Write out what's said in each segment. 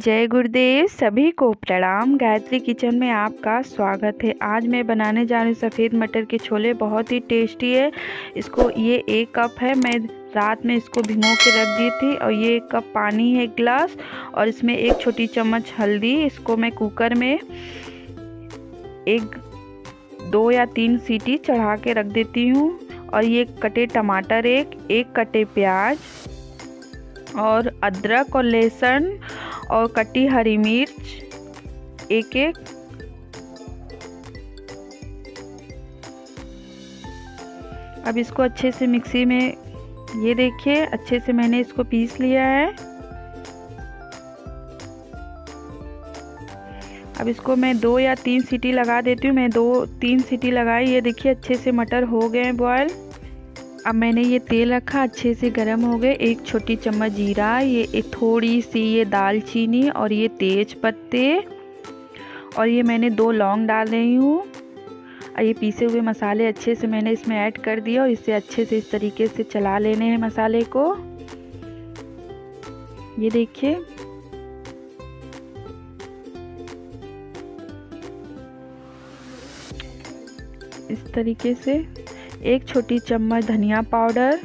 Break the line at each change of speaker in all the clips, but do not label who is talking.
जय गुरुदेव सभी को प्रणाम गायत्री किचन में आपका स्वागत है आज मैं बनाने जा रही हूँ सफ़ेद मटर के छोले बहुत ही टेस्टी है इसको ये एक कप है मैं रात में इसको भिगो के रख दी थी और ये एक कप पानी है एक गिलास और इसमें एक छोटी चम्मच हल्दी इसको मैं कुकर में एक दो या तीन सीटी चढ़ा के रख देती हूँ और ये कटे टमाटर एक एक कटे प्याज और अदरक और लहसुन और कटी हरी मिर्च एक एक अब इसको अच्छे से मिक्सी में ये देखिए अच्छे से मैंने इसको पीस लिया है अब इसको मैं दो या तीन सीटी लगा देती हूँ मैं दो तीन सीटी लगाई ये देखिए अच्छे से मटर हो गए हैं बॉयल अब मैंने ये तेल रखा अच्छे से गर्म हो गए एक छोटी चम्मच जीरा ये एक थोड़ी सी ये दालचीनी और ये तेज पत्ते और ये मैंने दो लौंग डाल रही हूँ और ये पीसे हुए मसाले अच्छे से मैंने इसमें ऐड कर दिए और इसे अच्छे से इस तरीके से चला लेने हैं मसाले को ये देखिए इस तरीके से एक छोटी चम्मच धनिया पाउडर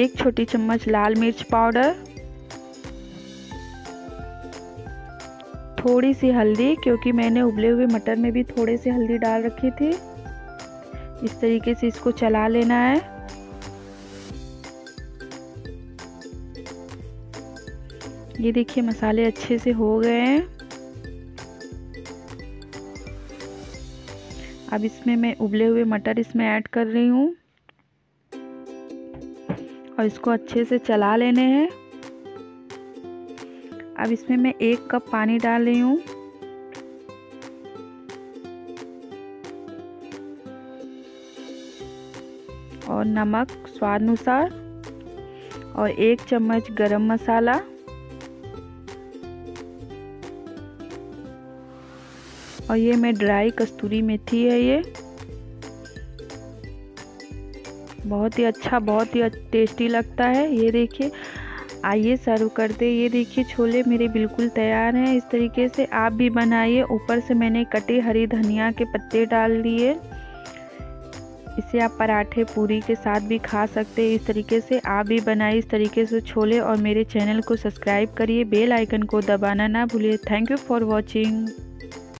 एक छोटी चम्मच लाल मिर्च पाउडर थोड़ी सी हल्दी क्योंकि मैंने उबले हुए मटर में भी थोड़े से हल्दी डाल रखी थी इस तरीके से इसको चला लेना है ये देखिए मसाले अच्छे से हो गए हैं अब इसमें मैं उबले हुए मटर इसमें ऐड कर रही हूँ और इसको अच्छे से चला लेने हैं अब इसमें मैं एक कप पानी डाल रही हूँ और नमक स्वाद अनुसार और एक चम्मच गरम मसाला और ये मैं ड्राई कस्तूरी मेथी है ये बहुत ही अच्छा बहुत ही टेस्टी लगता है ये देखिए आइए सर्व करते ये देखिए छोले मेरे बिल्कुल तैयार हैं इस तरीके से आप भी बनाइए ऊपर से मैंने कटे हरी धनिया के पत्ते डाल दिए इसे आप पराठे पूरी के साथ भी खा सकते हैं इस तरीके से आप भी बनाइए इस तरीके से छोले और मेरे चैनल को सब्सक्राइब करिए बेल आइकन को दबाना ना भूलिए थैंक यू फॉर वॉचिंग